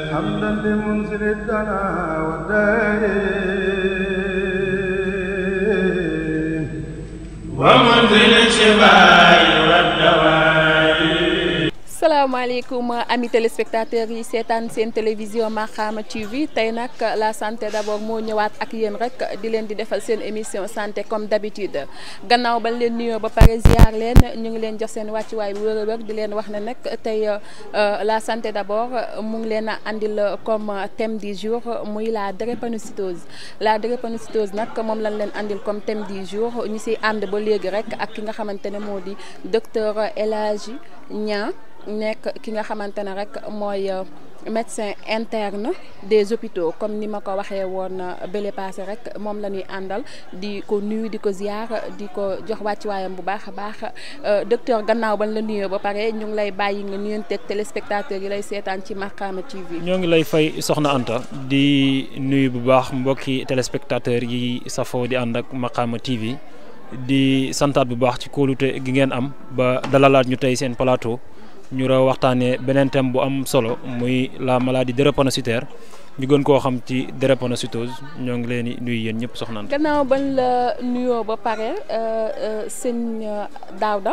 حمدا لمنزل الدنا والدين ومنزل الشباب asalaamaaleykum amis téléspectateurs yi seetaan seen télévision Makhama TV tey nag la santé d'abord moo ñëwaat ak yéen rek di leen di defal seen émission santé comme d'habitude gannaaw bañ leen nuyoo ba pare ziar leen ñu ngi leen jox seen wàccuwaay bu wër di leen wax ne nag tey euh, la santé d'abord mu ngi leen andil comme thème du jour muy la drépanocytose la drépanocytose nag moom lañ leen andil comme thème du jour ñu siy ànd ba léegi rek ak ki nga xamante ne docteur Elagi, Hadji nek ki nga xamantene rek moy euh, médecin interne des hôpitaux comme ni ma waxé won woon euh, passé rek mom la ñuy di ko nuyu di ko ziar di ko jox wayam bu baax baax euh, docteur gannaaw ban la nuyu ba paré ñu ngi lay bayyi nga nuyenté téléspectateurs yi lay sétane ci makama TV. ñu ngi lay fay soxna Anta di nuyu bu baax mbokki téléspectateurs yi safo di andak ak TV di santat bu baax ci kóolute gi ngeen am ba dalalat ñu tay seen plateau. ñu raw waxtaanee beneen thème bu am solo muy la maladie drépanocytaire ñu gën koo xam ci drépanocytose ñoo ngi leen di nuyu yéen ñëpp soxna. gannaaw bañ la nuyoo ba pare euh, euh, sëñ euh, Daouda.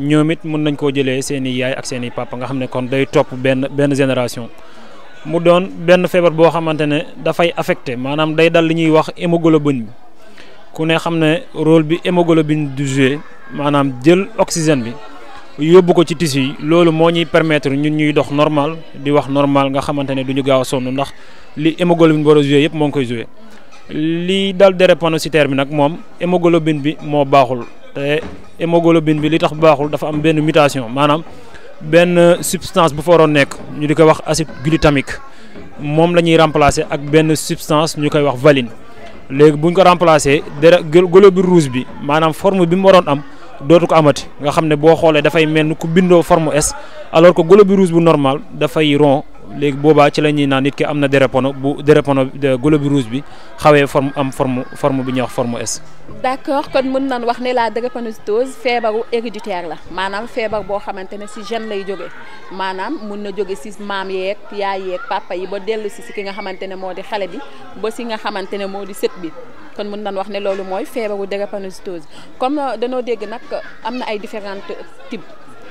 Nyomit it mun nañ koo jëlee seen yaay ak seen papa nga xam ne kon day topp benn benn génération mu doon benn feebar boo xamante ne dafay affecté maanaam day dal li ñuy wax hémoglobine bi ku ne xam ne rôle bi hémoglobine du joué maanaam jël oxygène bi yóbbu ko ci tissu yi loolu ñuy permettre ñun ñuy dox normal di wax normal nga xamante ne du ñu gaaw a ndax li hémoglobine war a joué yëpp ngi koy li dal drépanocytaire bi mom moom hémoglobine bi moo baaxul te eh, hémoglobine bi li tax baaxul dafa am benn mutation maanaam benn substance bu fa nekk ñu di koy wax acide glutamique moom la ñuy remplacer ak benn substance ñu koy wax valine léegi bu ñu ko remplacer dara globule rouge bi maanaam forme bi mu waroon am dootu ko amati nga xam ne boo xoolee dafay mel ku bindoo forme S alors que globule rouge bu normal dafay rond. léegi boobaa ci la ñuy naan nit ki am na drépano bu drépano globule rouge bi xawee form am forme forme bi ñuy wax forme S. d'accord kon mën nañ wax ne la drépanocytose feebaru héréditaire la maanaam feebar boo xamante ne si gène lay jóge maanaam mun na jóge si maam yeeg yaay yeeg papa yi ba dellu si si ki nga xamante ne moo di xale bi ba si nga xamante ne moo di sët bi kon mën nañ wax ne loolu mooy feebaru drépanocytose comme euh, danoo dégg nag am na ay différents types.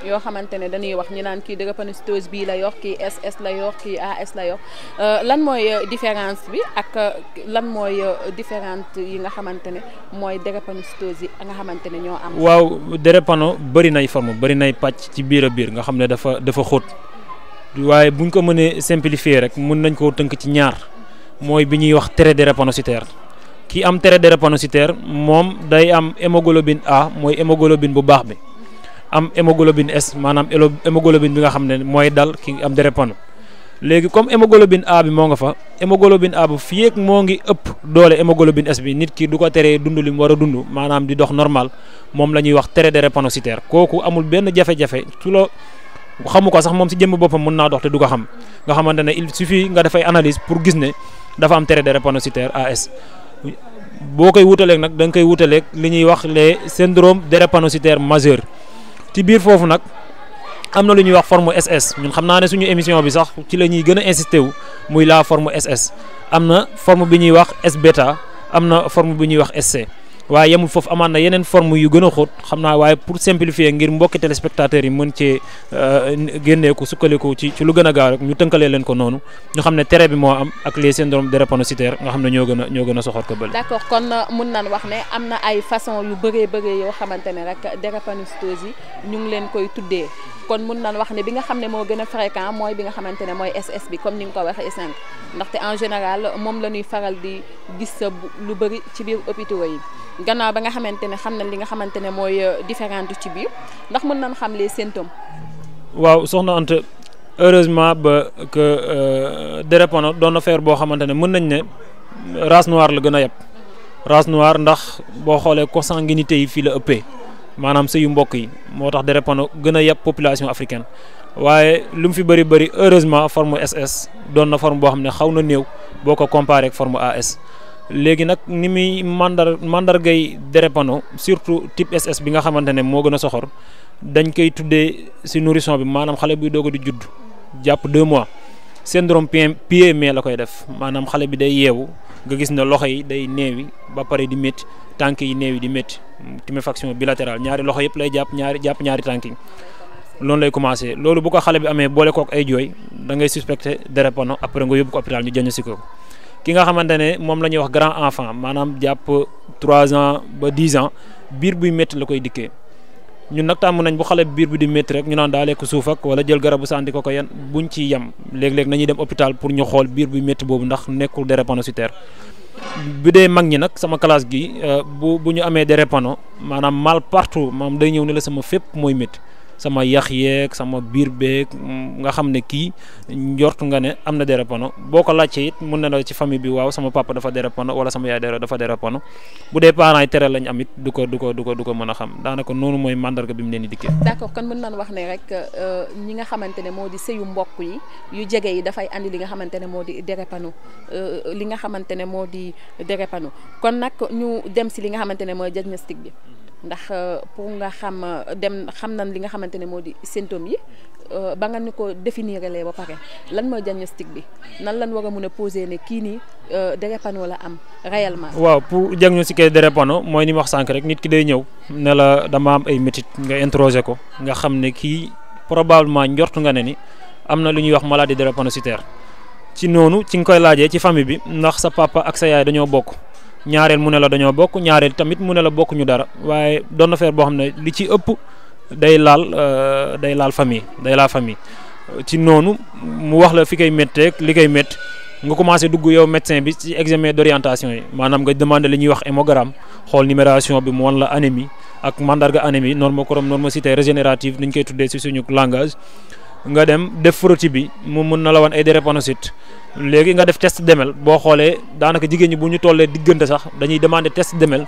yoo xamante ne dañuy wax ñi naan kii drépanocytose bii la yor kii SS la yor kii AS la yor euh, lan mooy euh, différence bi ak euh, lan mooy différence yi nga xamante ne mooy drépanocytose yi nga xamante ne ñoo am. waaw drépano bëri nay forme bëri nay pàcc ci biir a biir nga xam ne dafa dafa xóot waaye buñ ko mënee simplifier rek mun nañ koo tënk ci ñaar mooy bi ñuy wax trait drépanocytaire ki am trait drépanocytaire moom day am hémoglobine A mooy hémoglobine bu baax bi. am hémoglobine S maanaam hémoglobine bi nga xam ne mooy dal ki am deret léegi comme hémoglobine A bi moo nga fa hémoglobine A bu moo ngi ëpp doole hémoglobine S bi nit ki du ko teree dund li mu war a dund maanaam di dox normal moom la ñuy wax tere deret kooku amul benn jafe-jafe su la xamu ko sax moom si jëmm boppam mën naa dox te du ko xam nga xamante ne su fii nga dafay analyse pour gis ne dafa am tere deret panocytaire AS. boo koy wutaleeg nag da nga koy wutaleeg li ñuy wax les syndrome deret panocytaire majeur ci biir foofu nag am na lu ñuy wax forme SS ñun xam naa ne suñu émission bi sax ci la ñuy gën a insisté wu muy la forme SS am na forme bi ñuy wax S am na forme bi ñuy wax SC. waaye yemul foofu amaan na yeneen forme yu gën a xóot xam naa waaye pour simplifier ngir mbokki téléspectateurs yi mën cee euh, génneeku sukkandiku ci ci lu gën a gaaw rek ñu tënkalee leen ko noonu ñu xam ne tere bi moo am ak les syndromes drépanocytaires nga xam ne ñoo gën a ñoo gën a soxor ko bële. d'accord kon euh, mun nañ wax ne am na ay façon yu bëree bëree yoo xamante ne rek drépanocytose yi ñu ngi leen koy tuddee kon mun nañ wax ne bi nga xam ne moo gën a fréquent mooy bi nga xamante ne mooy SS bi comme ni ko waxee sànq ndaxte en général moom la ñuy faral di gis sa lu bëri ci biir hôpitaux yi gannaaw ba nga xamante ne xam na li nga xamante ne mooy euh, différente ci biir ndax mën nañ xam les symptômes. waaw soxna Anta heureusement ba que euh, Dérépano doon na faire boo xamante ne mën nañ ne race noire la gën a yeb race noire ndax boo xoolee consanguinité yi fii la ëppee maanaam sëyu mbokk yi moo tax Dérépano gën a yeb population africaine waaye lu mu fi bëri bëri heureusement forme SS doon na form boo xam ne xaw na néew boo ko comparé form AS. léegi nag ni muy mandar mandargay drépano surtout type SS bi nga xamante ne moo gën a soxor dañ koy tuddee si nourrisson bi maanaam xale bi doog a di judd jàpp deux mois syndrome pied mais la koy def maanaam xale bi day yeewu nga gis ne loxo yi day néewi ba pare di métti tànk yi néewi di métti tuméfaction bilatérale ñaari loxo yëpp lay jàpp ñaari jàpp ñaari tànk yi loolu lay commencé loolu bu ko xale bi amee boole kook ay jooy dangay ngay suspecté drépano après nga yóbbu ko hôpital ñu si ko ki nga xamante ne moom la ñuy wax grand enfant maanaam jàpp trois ans ba dix ans biir buy métti la koy dikkee ñun nag tàmm nañ bu xale biir bu di métti rek ñu naan daa lekk suuf ak wala jël garabu sànni ko ko yan bu buñ ci yem léeg-léeg nañuy dem hôpital pour ñu xool biir buy métti boobu ndax nekkul drépanocytaire bi dee mag ñi nag sama classe gi euh, bu bu ñu amee drépano maanaam mal partout maam day ñëw ne la sama fépp mooy métti sama yax yeeg sama biir beeg nga xam ne kii njort nga ne am na dérépano boo ko laajte it mun na la ci famille bi waaw sama papa dafa dérépano wala sama yaay dafa dérépano bu dee parents yi tere lañ am it du ko du ko du ko du ko mën a xam daanaka noonu mooy mandarga bi mu leen di dikkee. d'accord kon mën naan wax ne rek euh, ñi nga xamante ne moo di sëyu mbokk yi yu jege yi dafay andi li nga xamante ne moo di dérépano euh, li nga xamante ne moo di dérépano kon nag ñu dem si li nga xamante ne mooy diagnostic bi. ndax euh, pour nga xam euh, dem xam na li nga xamante ne moo di symptômes yi euh, ba nga ni ko définir lee ba pare lan mooy diagnostic bi nan lan war a mun a poser ne kii nii drépano la am réellement. waaw pour diagnostiquer drépano mooy ni wax sànq rek nit ki day ñëw ne la dama am ay métit nga interroger ko nga xam ne kii probablement njort nga ne ni am na lu ñuy wax maladie drépanocytaire ci noonu ci nga koy laajee ci famille bi ndax sa papa ak sa yaay dañoo bokk. ñaareel mu ne la dañoo bokk ñaareel tamit mu ne la bokkuñu dara waaye doon na faire boo xam ne li ci ëpp day laal euh, day laal famille day laal famille ci noonu mu wax la fi koy méttee li koy métti nga commencé dugg yow médecin bi ci examen d'orientation yi maanaam nga demandé li ñuy wax hémogramme xool numération bi mu wan la anémie ak mandarga anémie normochrome normocité régénérative ni ñu koy tuddee ci suñu langage nga dem def frottis bi mu mun na la wan ay drépanocytes léegi nga def test demel boo xoolee daanaka jigéen ñi bu ñu tollee diggante sax dañuy demander test demel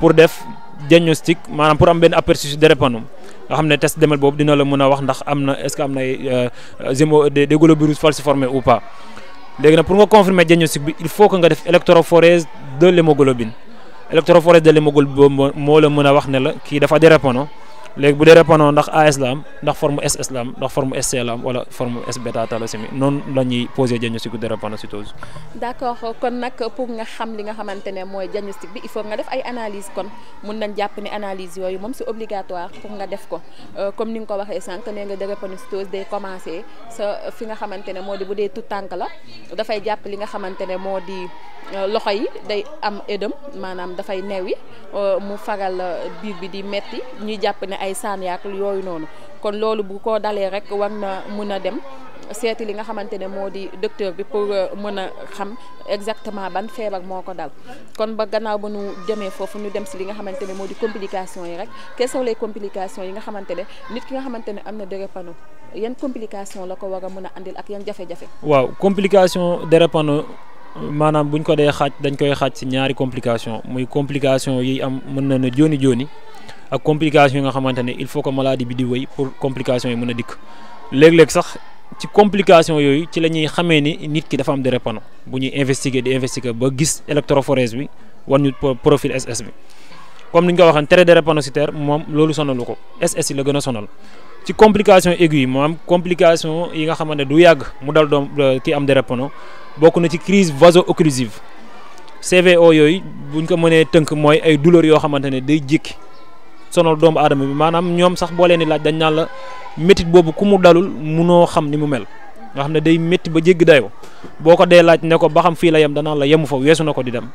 pour def diagnostic maanaam pour am benn aperçu si drepanum nga xam ne test demel boobu dina la mën a wax ndax am na est-ce que am na euh, gémo des globules falciformes ou pas léegi nag pour nga confirmer diagnostic bi il faut que nga def électrophorèse de l'hémoglobine électrophorèse de l'hémoglobine moo la mën a wax ne la kii dafa drépano léegi bu dee répondant la am ndax S bêta thalassémie noonu la ñuy posé diagnostic de drépanocytose. d' accord kon nag pour nga li nga xamante ne mooy diagnostic euh, moo di bu tànk la dafay jàpp li nga xamante ne moo di euh, loxo yi day am édem maanaam dafay neewi euh, mu fagal biir bi di metti ñuy jàpp ne. ay saan yaak yooyu noonu kon loolu bu ko dalee rek war na mën a dem seeti li nga xamante ne moo di docteur bi pour euh, mën a xam exactement ban feebar moo ko dal kon ba gannaaw ba nu demee foofu ñu dem si li nga xamante ne moo di complications yi rek quelles sont les complications yi nga xamante ne nit ki nga xamante ne am na drépano yan complication la ko war a mën a indil ak yan jafe-jafe waaw complication drépano manam buñ ko dee xaaj dañ koy xaaj ci ñaari complication muy complication yi am mën na joni joni ak complication yi nga xamante il faut que maladie bi di wey pour complication yi mën a dikk léeg sax ci complication yooyu ci lañuy xamé ni nit ki dafa am drépano bu ñuy investiguer di investiguer ba gis électrophorèse bi wan profil SS bi comme ni ñu ko waxee trait drépanocytaire moom loolu sonalu ko SS yi la gën sonal ci complication aiguë mom maanaam complication yi nga xamante du yag mu dal doom ki am drépano bokk na ci crise vaso-occlusive CVO yooyu buñ ko mënee tënk mooy ay douleur yoo xamante ne day jékki sono doomu aadama bi maanaam ñoom sax boo leen di laaj dañ naan la métit boobu ku mu dalul munoo xam ni mu mel nga xam ne day métti ba jégg dayoo boo ko dee laaj ne ko ba xam fii la yem danaan la yemu fa weesu na ko di dem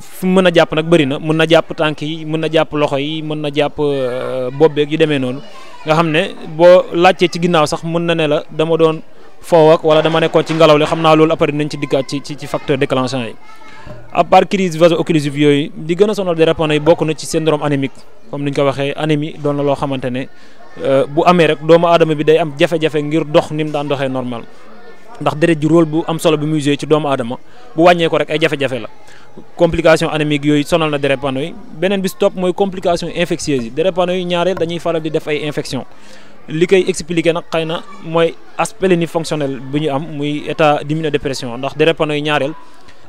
fu mën a jàpp nag bëri na mën na jàpp tànk yi mën na jàpp loxo yi mën na jàpp euh, bopp beeg yu demee noonu nga xam ne boo laajtee ci ginnaaw sax mën na ne la dama doon. foow ak wala dama nekkoon ci ngelaw li xam naa loolu après nañ ci dikkaat ci ci ci facteur déclenchant yi à part crise vaso-occlusive yooyu di gën a sonal des répondants yi bokk na ci syndrome anémique comme ni ñu ko waxee anémie doon na loo xamante ne euh, bu amee rek doomu aadama bi day am jafe-jafe ngir dox ni mu daan doxee normal ndax deret ji rôle bu am solo bi muy ci doomu adama bu wàññee ko rek ay jafe-jafe la complication anémique yooyu sonal na des yi beneen bis mooy complication infectieuse yi des répondants yi ñaareel dañuy faral di def ay infection li koy expliqué nag xëy na mooy aspect ni fonctionnel bi ñu am muy état d'immunodépression ndax drépanoy ñaareel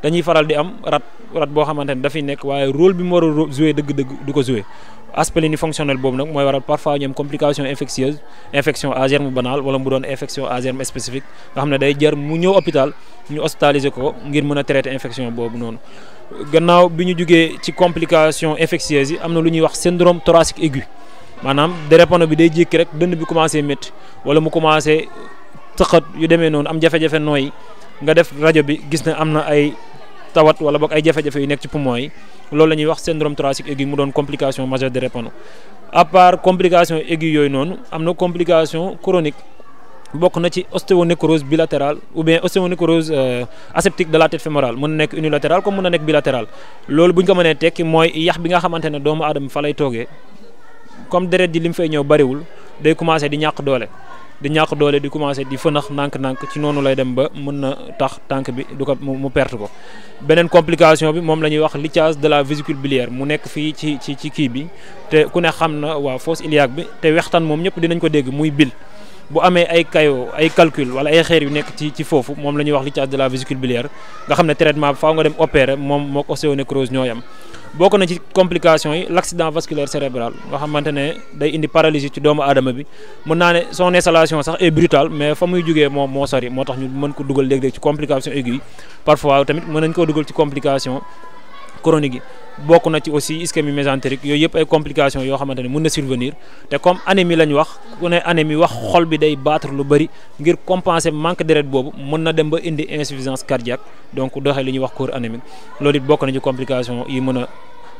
dañuy faral di am rat rat boo xamante ne dafiy nekk waaye rôle bi mu war a joué dëgg-dëgg du ko joué aspect ni fonctionnel boobu nag mooy waral parfois ñu am complication infectieuse infection à germe wala mu doon infection à germe spécifique nga xam ne day jër mu ñëw hôpital ñu hospitaliser ko ngir mën a traiter infection boobu noonu gannaaw bi ñu jugee ci complication infectieuse yi am na lu ñuy wax syndrome thoracique aigu maanaam drépano bi day jékki rek dënn bi commencé métti wala mu commencé tëqat yu demee noonu am jafe-jafe nooyi nga def rajo bi gis ne am na ay tawat wala boog ay jafe-jafe yu nekk ci poumon yi loolu la ñuy wax syndrome thoracique aigu mu doon complication majeure drépano à part complication aigu yooyu noonu am na complication chronique bokk na ci ostéonécrose bilatérale ou bien ostéonécrose euh, aseptique de la tête fémorale mën na nekk unilatérale comme mën na nekk bilatérale loolu bu ñu ko mënee mooy yax bi nga xamante ne doomu aadama fa lay toogee comme deret ji li mu fay ñëw bariwul day commencé di ñàkk doole di ñàkk doole di commencé di fënax nànk-nànk ci noonu lay dem ba mën na tax tànk bi du ko mu perte ko. beneen complication bi moom la ñuy wax lichage de la vésicule biliaire mu nekk fii ci ci ci kii bi te ku ne xam na waa fosse iliaque bi te wextaan moom ñëpp dinañ ko dégg muy bile. bu amee ay kayoo ay calcul wala ay xeer yu nekk ci ci foofu moom la ñuy wax lichage de la vésicule biliaire nga xam ne traitement bi faaw nga dem opérer moom mook ostéonecrose ñooy am bokk na ci complication yi l' accident vasculaire cérébral nga xamante ne day indi paralysie ci doomu aadama bi mën naa ne son installation sax est brutale mais fa muy jugee moo moo sori moo tax ñu mën ko dugal léeg-léeg ci complication aiguë parfois tamit mën nañ koo dugal ci complication chronique yi bokk na ci aussi ischémie mésentérique yooyu yëpp ay complications yoo xamante ne mën na survenir te comme anémie lañ wax ku ne anémie wax xol bi day battre lu bëri ngir compenser manque deret boobu mën na dem ba indi insuffisance cardiaque donc doxee li ñuy wax cœur anémique loolu it bokk na ci complication yi mën a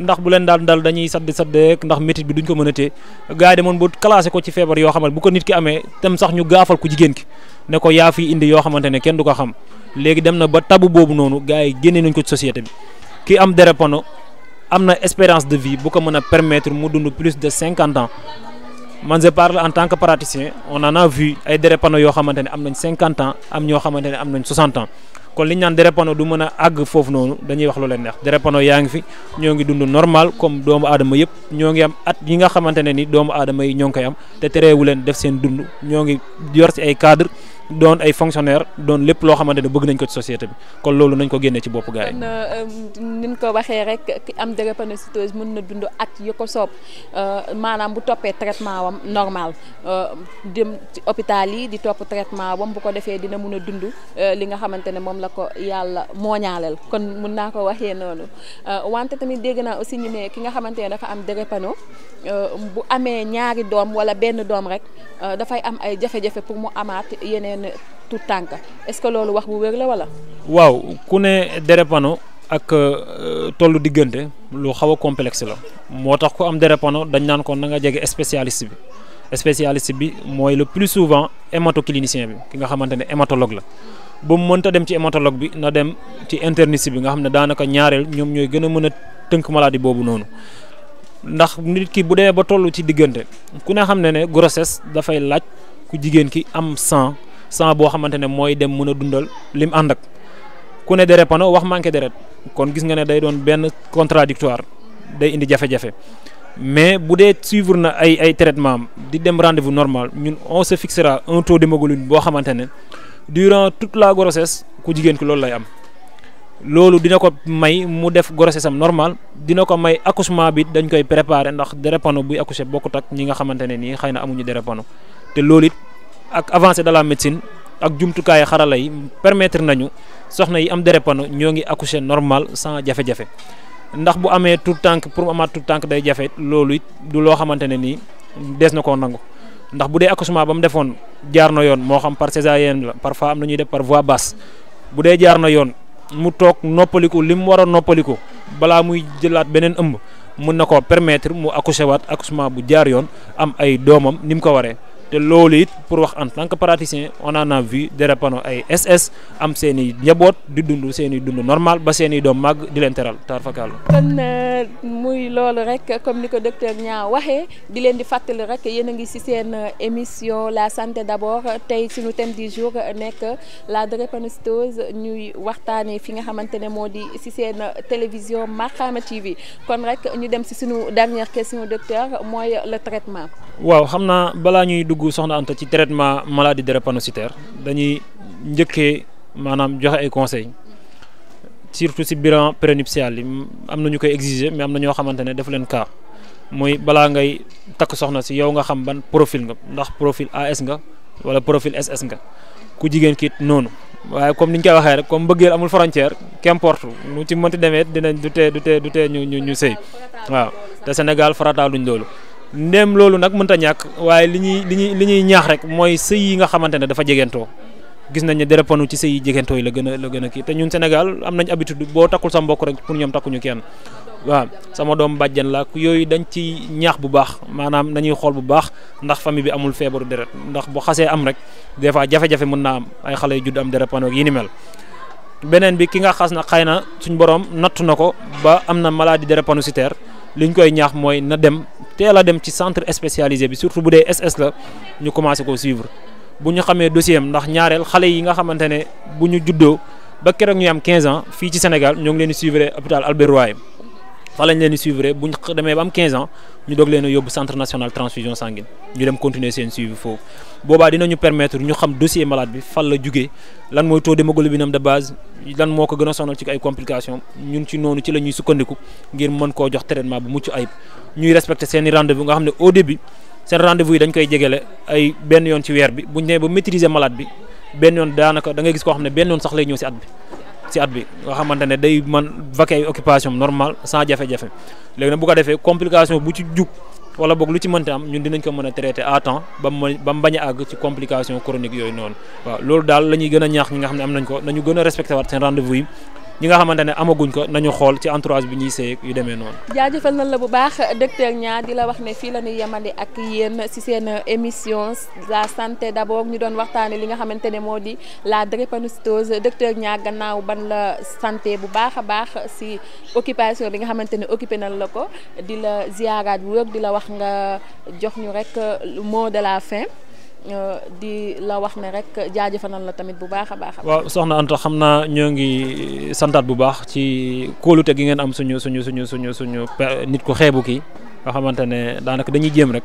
ndax bu leen daal dal dañuy sadd saddeek ndax métit bi duñ ko mën a téye gars yi demoon bu classé ko ci feebar yoo xamante bu ko nit ki amee tem sax ñu gaafal ku jigéen ki ne ko yaa fi indi yoo xamante ne kenn du ko xam léegi dem na ba tabu boobu noonu gars yi génne nañ ko ci société bi ki am drépano am na espérance de vie bu ko mën a permettre mu dund plus de cinquante ans man je parle en tant que praticien on en a vu ay drépano yoo xamante ne am nañ cinquante ans am ñoo xamante ne am nañ soixante ans kon li ñaan naan du mën a àgg foofu noonu dañuy wax lu leen neex drépano yaa ngi fi ñoo ngi dund normal comme doomu aadama yëpp ñoo ngi am at yi nga xamante ne ni doomu aadama yi ñoo ngi koy am te tereewu leen def seen dund ñoo ngi yor si ay cadre doon ay fonctionnaire doon lépp loo xamante ne bëgg nañ ko ci société bi kon loolu nañ ko génne ci bopp gars yi. Euh, euh, ni ñu ko waxee rek ki am drépanocytose mën na dund at yu ko soob euh, maanaam bu toppee traitement wam normal dem ci hôpital yi di topp traitement wam bu ko defee dina mun a dund li nga xamante ne moom la ko yàlla mooñaaleel kon mun naa ko waxee noonu wante tamit dégg naa aussi ñu ne ki nga xamante ne dafa am drépano bu amee ñaari doom wala benn doom rek dafay am ay jafe-jafe mu amaat yeneen. benn tout tànk est-ce que loolu wax bu wér la wala. waaw ku ne dérépano ak euh, tollu diggante lu xaw a complexe la moo tax ku am dérépano dañ naan kon na nga jege spécialiste bi. spécialiste bi mooy le plus souvent hématoclinicien bi ki nga xamante ne hématologue la ba mu mënta dem ci hématologue bi na dem ci interniste bi nga xam ne daanaka ñaareel ñoom ñooy gën a mën a tënk maladie boobu noonu ndax nit ki bu demee ba toll ci diggante ku ne xam ne ne grossesse dafay laaj ku jigéen ki am sang sang boo xamante ne dem mën dundal lim andak ak ku ne deret pano wax manqué deret kon gis nga ne day doon benn contradictoire day indi jafe-jafe mais bu suivre na ay ay traitement di dem rendez-vous normal ñun on se fixera un taux d'hémoglobine boo xamante ne durant toute la grossesse ku jigéen ki loolu lay am dina ko may mu def grossesse normal dina ko may accouchement bi dañ koy préparer ndax drépano buy accoucher bokkut ak ñi nga xamante ne nii na amuñu drépano te loolu ak avancée de la médecine ak jumtukaayu xarala yi permettre nañu soxna yi am drépano ñoo ngi accoucher normal sans jafe-jafe ndax bu amee tout tànk pour amaat tout tànk day jafe loolu it du loo xamante ne nii des na koo nangu ndax bu dee accouchement ba mu defoon jaar na yoon moo xam par césarienne la parfois am na ñuy def par voie basse bu dee jaar na yoon mu toog noppaliku li mu war a noppaliku balaa muy jëlaat beneen ëmb mun na koo permettre mu accoucher waat accouchement bu jaar yoon am ay doomam ni mu ko waree. de l'olit pour wax en tant que praticien on en a vu des réponses ay SS am seen i di normal ba seen dom mag di len teral taar fakal kon euh, muy loolu rek comme ni docteur Niang waxee di len di fàttali rek ngi ci une euh, émission la santé d'abord tey nous thème du jour nek la drépanocytose ñuy waxtaanee fi nga xamante modi ci di si euh, télévision Makhama TV kon rek ñu dem si suñu dernière question docteur moi le traitement. waaw xamna bala ñuy dugg soxna Anta ci traitement maladie drépanocytaire dañuy njëkkee maanaam joxe ay conseils surtout si bilan prénuptial yi am na ñu koy exiger mais am na ñoo xamante ne daf leen cas mooy balaa ngay takk soxna si yow nga xam ban profil nga ndax profil AS nga wala profil SS nga ku jigéen kiit noonu waaye comme niñ koy waxee rek comme bëggeel amul frontière qu'importe nu ci mënti demee dina du tee du tee du tee ñu ñu ñu sëy waaw te Sénégal farata luñ loolu ndéem loolu nag mënta ñàkk waaye li ñuy li ñuy li ñuy ñaax rek mooy sëy yi nga xamante ne dafa jegentoo gis nañ ne ci sëy yi jegentoo la gën a la gën a kii te ñun senegal am nañ habitude boo takkul sa mbokk rek pour ñoom takkuñu kenn waaw sama doom bàjjan la yooyu dañ ci ñaax bu baax maanaam nañuy xool bu baax ndax famille bi amul feebaru deret ndax bu xasee am rek des fois jafe-jafe mën naa am ay xale yu judd am dérépanoog yi ni mel beneen bi ki nga xas na xëy na suñ borom natt na ko ba am na maladie drépanocytaire li ñu koy ñaax mooy na dem teel a dem ci centre spécialisé bi surtout bu dee SS la ñu commencé ko suivre bu ñu xamee dossier am ndax ñaareel xale yi nga xamante ne bu ñu juddoo ba keroog ñu am 15 ans fii ci Sénégal ñoo ngi leen di suivre hôpital Albert Royer fa lañ leen di suivre bu ñu demee ba 15 ans ñu doog leen a centre national transfusion sanguine ñu dem continuer seen suivi foofu boobaa dinañu permettre ñu xam dossier malade bi fan la jugee lan mooy taux d'hémoglobine am de base lan moo ko gën a sonal ci ay complications ñun ci noonu ci la ñuy sukkandiku ngir mën koo jox traitement bu mucc ayib ñuy respecter seen rendez-vous nga xam au début seen rendez-vous yi dañ koy jegele ay benn yoon ci weer bi bu ñu demee ba maîtriser malade bi benn yoon daanaka da ngay gis koo xam ne benn yoon sax lay ñëw si at bi. ci at bi nga xamante ne day man vaquer ay occupation normal sans jafe-jafe léegi nag bu ko defee complication bu ci jug wala boog lu ci mënti am ñu dinañ ko mën a traité à temps ba mu ba mu bañ a àgg ci complication chronique yooyu noonu waaw loolu daal la ñuy gën a ñaax ñi nga xam ne am nañ ko nañu gën a respecté waat seen rendez-vous yi ñi nga xamante ne amaguñ ko nañu xool ci entourage bi ñuy seey yu demee noonu. jaajëfal nañ la bu baax docteur ñaar di la wax ne fii la ñuy yemandi ak yéen si seen émission la santé d'abord ñu doon waxtaanee li nga xamante ne moo di la drépanocytose docteur ñaar gannaaw ban la santé bu baax a baax si occupation bi nga xamante ne occupé nañ la ko di la ziaraat wër di la wax nga jox ñu rek mot de la fin. Euh, di la wax ne rek jaajëfanal la tamit bu baax a baax. waaw soxna Anta xam naa ñoo ngi santaat bu baax ci kóolute gi ngeen am suñu suñu suñu suñu suñu nit ku xeebu kii nga xamante ne daanaka dañuy jéem rek.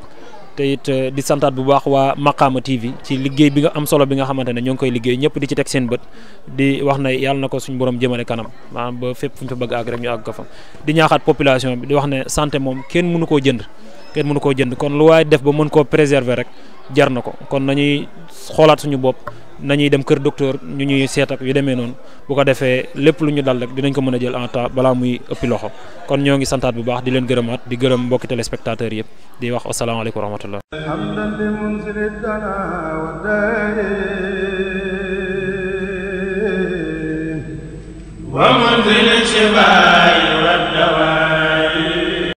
te it euh, di santaat bu baax waa Maqaama TV ci liggéey bi nga am solo bi nga xamante ne ñoo ngi koy liggéey ñëpp di ci teg seen bët di wax ne yàlla na ko suñu borom jëmale kanam maanaam ba fépp fu ñu fa bëgg àgg rek ñu àgg ko fa di ñaaxaat population bi di wax ne santé moom kenn mënu koo jënd. kenn mënu koo jënd kon lu way def ba mën ko préserver rek jar nako kon nañuy xolaat suñu bop nañuy dem kër docteur ñu ñuy sét ak yu démé non bu ko défé lepp lu ñu dal rek dinañ ko mëna jël en temps bala muy ëppi loxo kon ñoo ngi santat bu baax di leen gërëmaat di gërëm mbokk téléspectateur yépp di wax asalaamaaleykum wa rahmatullah ومنزل الشفاء